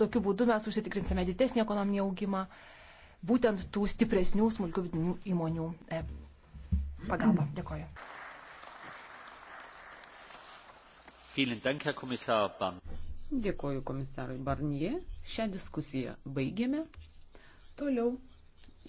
Tokiu būdu mes užsitikrinsime didesnį ekonominį augimą, būtent tų stipresnių smulkių vidinių įmonių e, pagalba. Dėkoju. Dėkoju komisarui Barnie. Šią diskusiją baigėme. Toliau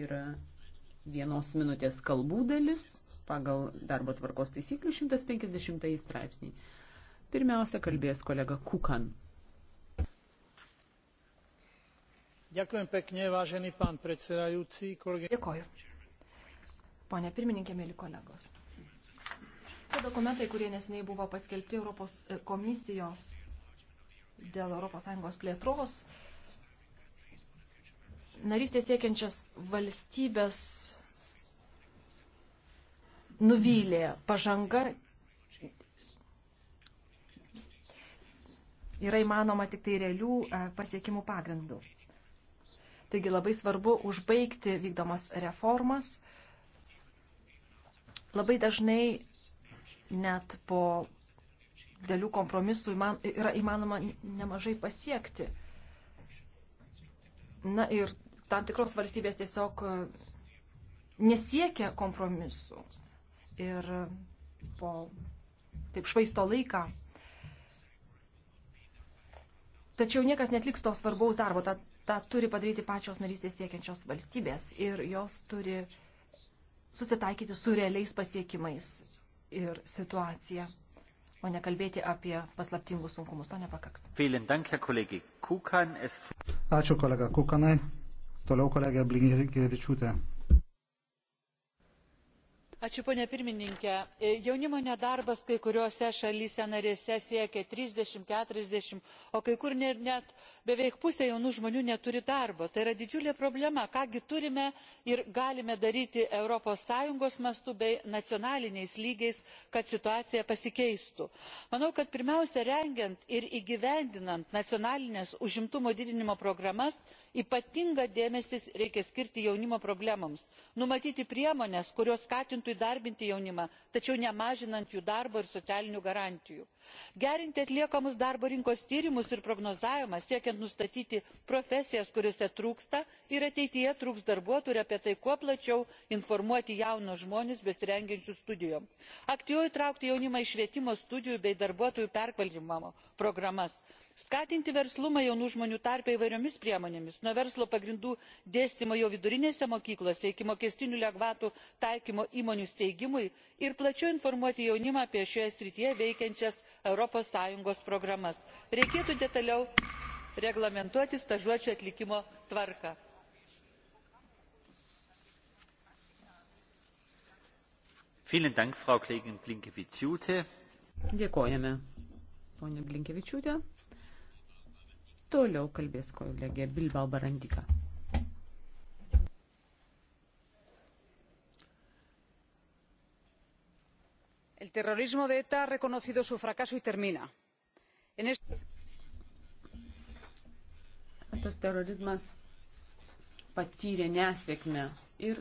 yra vienos minutės kalbų dalis pagal darbo tvarkos taisyklių 150 straipsnį. Pirmiausia, kalbės kolega Kukan. Dėkoju. Pone pirmininkė, mėly kolegos. Tie dokumentai, kurie nesiniai buvo paskelbti Europos e, komisijos dėl ES plėtros, narystės siekiančias valstybės nuvylė pažanga. Yra įmanoma tik tai realių e, pasiekimų pagrindų. Taigi labai svarbu užbaigti vykdomas reformas. Labai dažnai net po dėlių kompromisų yra įmanoma nemažai pasiekti. Na ir tam tikros valstybės tiesiog e, nesiekia kompromisų ir po taip švaisto laiką. Tačiau niekas netliks to svarbaus darbo, tad tą turi padaryti pačios narystės siekiančios valstybės ir jos turi susitaikyti su realiais pasiekimais ir situacija, o ne kalbėti apie paslaptingus sunkumus. To nepakaks. Ačiū kolega Kukanai. Toliau kolegė Blinkevičiūtė. E, jaunimo nedarbas kai kuriose šalyse narėse siekia trisdešimt keturiasdešimt o kai kur net beveik pusė jaunų žmonių neturi darbo. tai yra didžiulė problema ką gi turime ir galime daryti europos sąjungos mastu bei nacionaliniais lygiais kad situacija pasikeistų. manau kad pirmiausia rengiant ir įgyvendinant nacionalines užimtumo didinimo programas reikia pirmiausia ypatingą dėmesį reikia skirti jaunimo problemoms numatyti priemones kurios skatintų įdarbinti jaunimą tačiau nemažinant jų darbo ir socialinių garantijų gerinti atliekamus darbo rinkos tyrimus ir prognozavimą siekiant nustatyti profesijas kuriose trūksta ir ateityje trūks darbuotojų ir apie tai kuo plačiau informuoti jaunus žmones besirengiančius studijoms aktyviau įtraukti jaunimą į švietimo studijų bei darbuotojų perkvalifikavimo programas skatinti verslumą jaunų žmonių tarpe įvairiomis priemonėmis nuo verslo pagrindų dėstymo jau vidurinėse mokyklose iki mokestinių lengvatų taikymo įmonių steigimui ir plačiau informuoti jaunimą apie šioje srityje veikiančias europos sąjungos programas. reikėtų detaliau reglamentuoti stažuočių atlikimo tvarką. dėkojame ponia blinkevičiūte. Toliau kalbės kolegė Bilbao Barandika. El terrorismo de ETA ha reconocido su fracaso y termina. En este... Tos terorizmas patyrė nesėkmę ir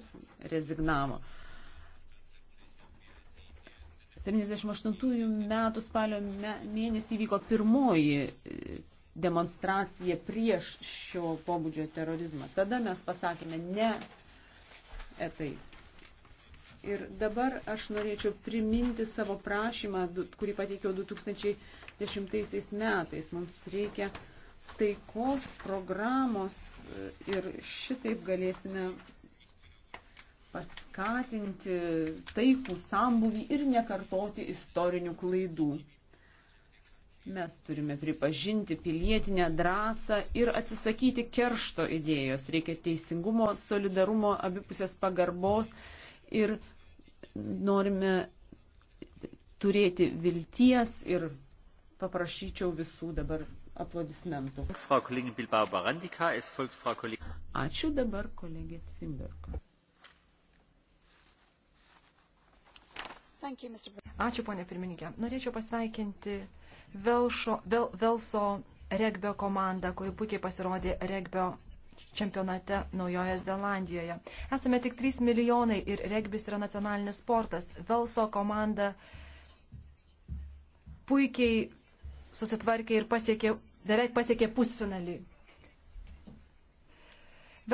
rezignavo. 78 metų spalio mėnesį vyko pirmoji demonstraciją prieš šio pobūdžio terorizmą. Tada mes pasakėme ne etai. Ir dabar aš norėčiau priminti savo prašymą, kurį pateikiau 2010 metais. Mums reikia taikos programos ir šitaip galėsime paskatinti taikų sambuvį ir nekartoti istorinių klaidų. Mes turime pripažinti pilietinę drąsą ir atsisakyti keršto idėjos. Reikia teisingumo, solidarumo, abipusės pagarbos ir norime turėti vilties ir paprašyčiau visų dabar aplodismentų. Ačiū dabar kolegė Cimberg. Ačiū, ponė pirmininkė. Norėčiau pasveikinti Velšo, Vel, Velso regbio komanda, kuri puikiai pasirodė regbio čempionate Naujoje Zelandijoje. Esame tik 3 milijonai ir regbis yra nacionalinis sportas. Velso komanda puikiai susitvarkė ir pasiekė, beveik pasiekė pusfinalį.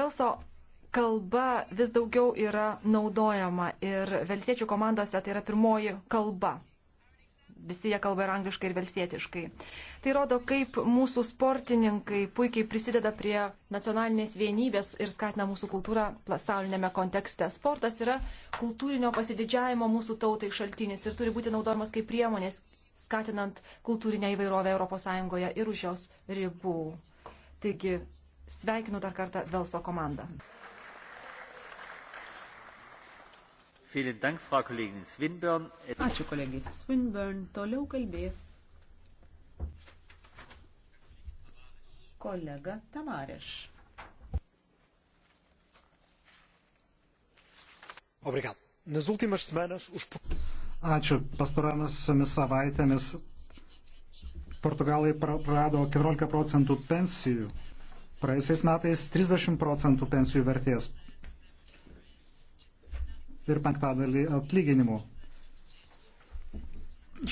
Velso kalba vis daugiau yra naudojama ir velsiečių komandose tai yra pirmoji kalba visi jie kalba ir angliškai, ir velsietiškai. Tai rodo, kaip mūsų sportininkai puikiai prisideda prie nacionalinės vienybės ir skatina mūsų kultūrą pasaulinėme kontekste. Sportas yra kultūrinio pasididžiavimo mūsų tautai šaltinis ir turi būti naudojamas kaip priemonės, skatinant kultūrinę įvairovę ES ir už jos ribų. Taigi, sveikinu dar kartą Velso komandą. Ačiū kolegijai Swinburne. Toliau kalbės kolega Tamareš. Obrigado. Nas últimas semanas, os... Ačiū. Pastaromis savaitėmis Portugalai prarado 14 procentų pensijų. Praėjusiais metais 30 procentų pensijų vertės ir penktadalį atlyginimų.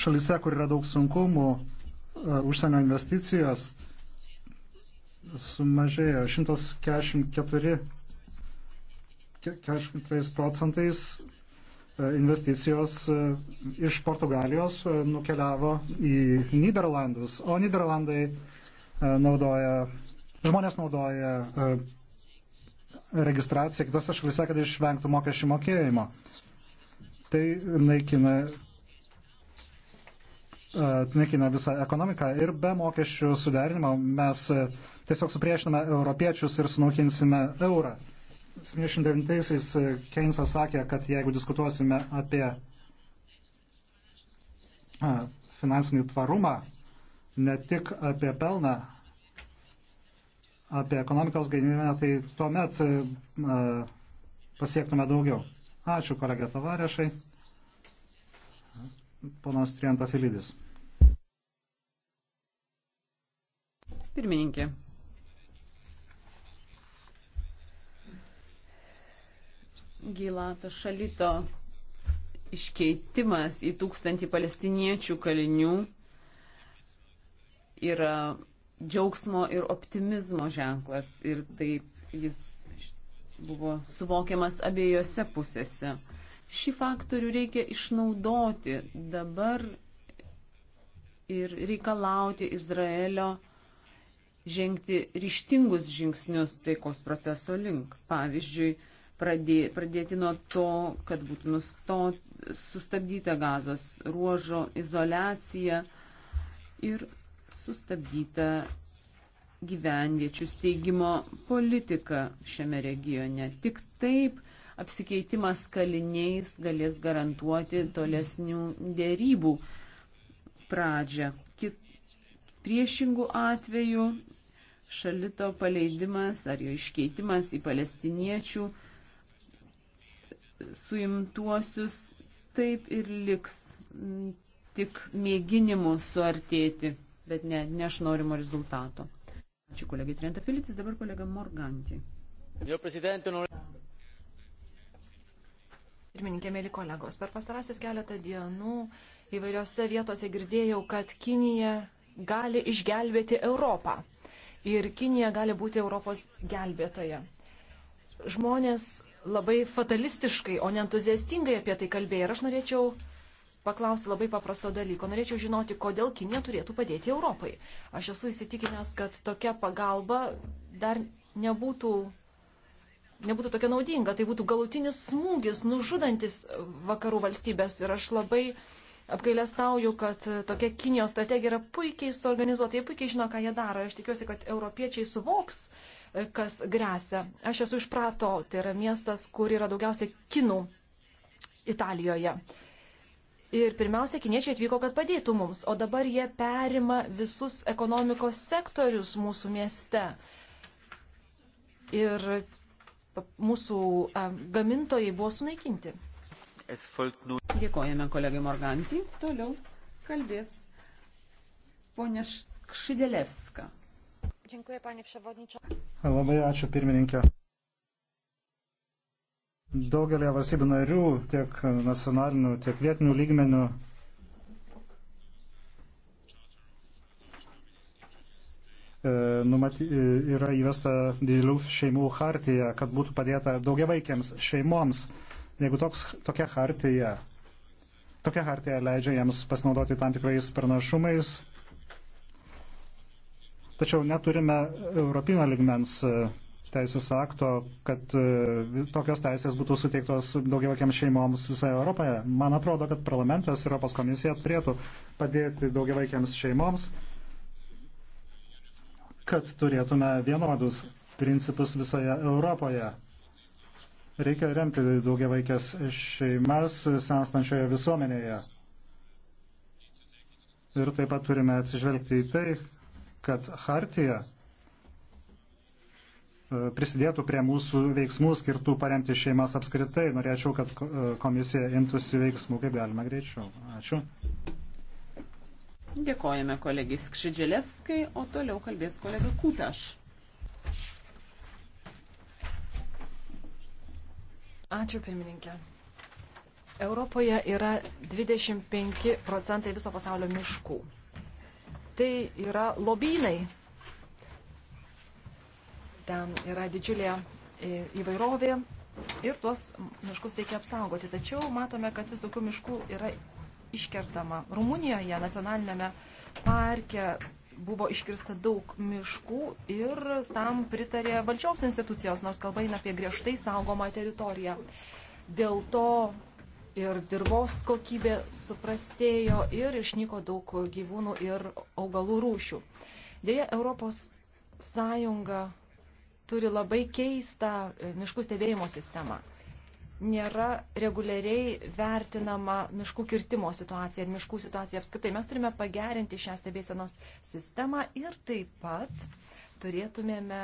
Šalise, kur yra daug sunkumų, e, užsienio investicijos sumažėjo 144 43 procentais e, investicijos e, iš Portugalijos nukeliavo į Niderlandus, o Niderlandai naudoja, žmonės naudoja registraciją kitose šalise, kad išvengtų mokesčių mokėjimo. Tai naikina, e, naikina visą ekonomiką ir be mokesčių suderinimo mes e, tiesiog supriešiname europiečius ir sunaukinsime eurą. 79-aisiais e, Keynesas sakė, kad jeigu diskutuosime apie finansinį tvarumą, ne tik apie pelną, apie ekonomikos gaivinimą, tai tuomet e, pasiektume daugiau. Ačiū kolegė Tavarešai. Ponas Trienta Filidis. Pirmininkė. Gilato šalito iškeitimas į tūkstantį palestiniečių kalinių yra džiaugsmo ir optimizmo ženklas ir taip jis buvo suvokiamas abiejose pusėse. Šį faktorių reikia išnaudoti dabar ir reikalauti Izraelio žengti ryštingus žingsnius taikos proceso link. Pavyzdžiui, pradė, pradėti nuo to, kad būtų nustot, sustabdyta gazos ruožo izolacija ir sustabdyta gyvenviečių steigimo politika šiame regione. Tik taip apsikeitimas kaliniais galės garantuoti tolesnių dėrybų pradžią. Kit, priešingų atvejų šalito paleidimas ar jo iškeitimas į palestiniečių suimtuosius taip ir liks tik mėginimu suartėti bet ne, ne aš norimo rezultato. Ačiū kolegai Trenta Filitis, dabar kolega Morganti. Pirmininkė, mėly kolegos, per pastarasis keletą dienų įvairiose vietose girdėjau, kad Kinija gali išgelbėti Europą. Ir Kinija gali būti Europos gelbėtoja. Žmonės labai fatalistiškai, o ne entuziastingai apie tai kalbėjo. Ir aš norėčiau paklausti labai paprasto dalyko. Norėčiau žinoti, kodėl Kinė turėtų padėti Europai. Aš esu įsitikinęs, kad tokia pagalba dar nebūtų, nebūtų tokia naudinga. Tai būtų galutinis smūgis, nužudantis vakarų valstybės. Ir aš labai apgailestauju, kad tokia Kinijos strategija yra puikiai suorganizuota. Jie puikiai žino, ką jie daro. Aš tikiuosi, kad europiečiai suvoks kas grėsia. Aš esu iš Prato, tai yra miestas, kur yra daugiausia kinų Italijoje. Ir pirmiausia, kiniečiai atvyko, kad padėtų mums, o dabar jie perima visus ekonomikos sektorius mūsų mieste. Ir mūsų gamintojai buvo sunaikinti. Dėkojame kolegai Morgantį. Toliau kalbės ponė Kšidelevska. Labai ačiū pirmininkė. Daugelį valstybių narių, tiek nacionalinių, tiek vietinių lygmenių e, numaty, e, yra įvesta didelių šeimų hartija, kad būtų padėta daugiavaikiams šeimoms. Jeigu toks, tokia hartija, tokia hartija leidžia jiems pasinaudoti tam tikrais pranašumais, tačiau neturime europinio ligmens e, teisės akto, kad e, tokios teisės būtų suteiktos daugiavakiams šeimoms visoje Europoje. Man atrodo, kad parlamentas, Europos komisija turėtų padėti daugiavakiams šeimoms, kad turėtume vienodus principus visoje Europoje. Reikia remti daugiavaikės šeimas senstančioje visuomenėje. Ir taip pat turime atsižvelgti į tai, kad Hartija prisidėtų prie mūsų veiksmų skirtų paremti šeimas apskritai. Norėčiau, kad e, komisija imtųsi veiksmų kaip galima greičiau. Ačiū. Dėkojame kolegai Skšidželevskai, o toliau kalbės kolega Kūtaš. Ačiū, pirmininkė. Europoje yra 25 procentai viso pasaulio miškų. Tai yra lobynai, ten yra didžiulė e, įvairovė ir tuos miškus reikia apsaugoti. Tačiau matome, kad vis daugiau miškų yra iškertama. Rumunijoje nacionalinėme parke buvo iškirsta daug miškų ir tam pritarė valdžios institucijos, nors kalba eina apie griežtai saugomą teritoriją. Dėl to ir dirbos kokybė suprastėjo ir išnyko daug gyvūnų ir augalų rūšių. Deja, Europos Sąjunga turi labai keistą e, miškų stebėjimo sistemą. Nėra reguliariai vertinama miškų kirtimo situacija ir miškų situacija apskritai. Mes turime pagerinti šią stebėsenos sistemą ir taip pat turėtumėme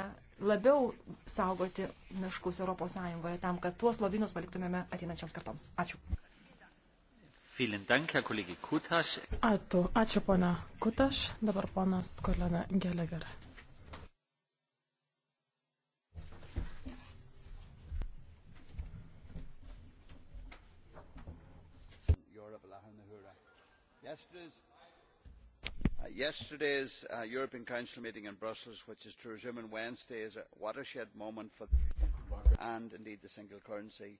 labiau saugoti miškus ES tam, kad tuos lovinus paliktumėme ateinančioms kartoms. Ačiū. Ačiū, ačiū ponia Kutaš. Dabar ponas kolega Gelegar. yesterday's uh, yesterday's uh, European Council meeting in Brussels, which is to resume on Wednesday, is a watershed moment for and indeed the single currency.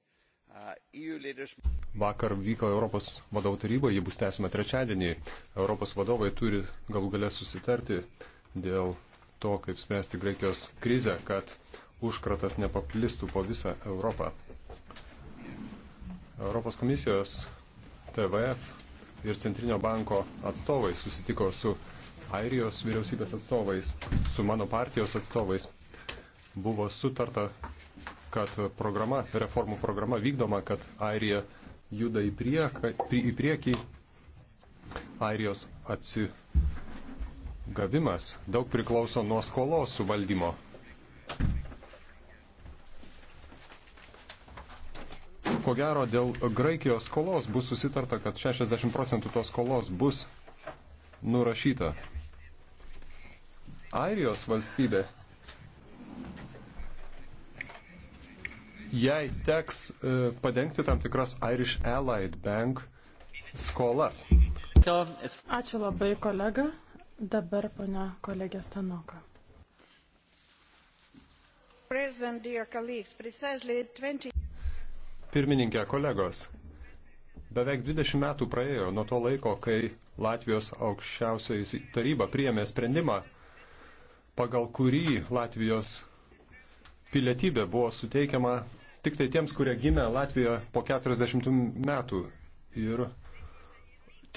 Uh, EU leaders. Vakar vyko Europos vadovų taryba, ji bus tęsima trečiadienį. Europos vadovai turi galų galę susitarti dėl to, kaip spręsti Graikijos krizę, kad užkratas nepaplistų po visą Europą. Europos komisijos TVF ir Centrinio banko atstovai susitiko su Airijos vyriausybės atstovais, su mano partijos atstovais. Buvo sutarta, kad programa, reformų programa vykdoma, kad Airija juda į, prieką, į priekį. Airijos atsigavimas daug priklauso nuo skolos suvaldymo ko gero dėl Graikijos skolos bus susitarta, kad 60 procentų tos skolos bus nurašyta. Airijos valstybė, jai teks e, padengti tam tikras Irish Allied Bank skolas. Ačiū labai, kolega. Dabar pana kolegė Stanoka. President, dear colleagues, precisely 20 Pirmininkė, kolegos, beveik 20 metų praėjo nuo to laiko, kai Latvijos aukščiausiai taryba priėmė sprendimą, pagal kurį Latvijos pilietybė buvo suteikiama tik tai tiems, kurie gimė Latvijoje po 40 metų ir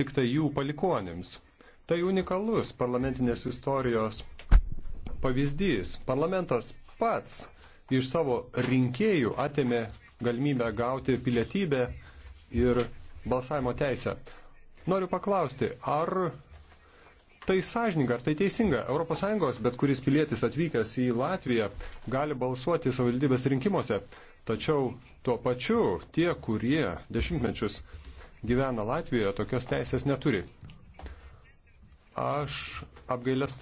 tik tai jų palikuonėms. Tai unikalus parlamentinės istorijos pavyzdys. Parlamentas pats iš savo rinkėjų atėmė galimybę gauti pilietybę ir balsavimo teisę. Noriu paklausti, ar tai sąžininga, ar tai teisinga? ES bet kuris pilietis atvykęs į Latviją gali balsuoti savivaldybės rinkimuose, tačiau tuo pačiu tie, kurie dešimtmečius gyvena Latvijoje, tokios teisės neturi. Aš apgailest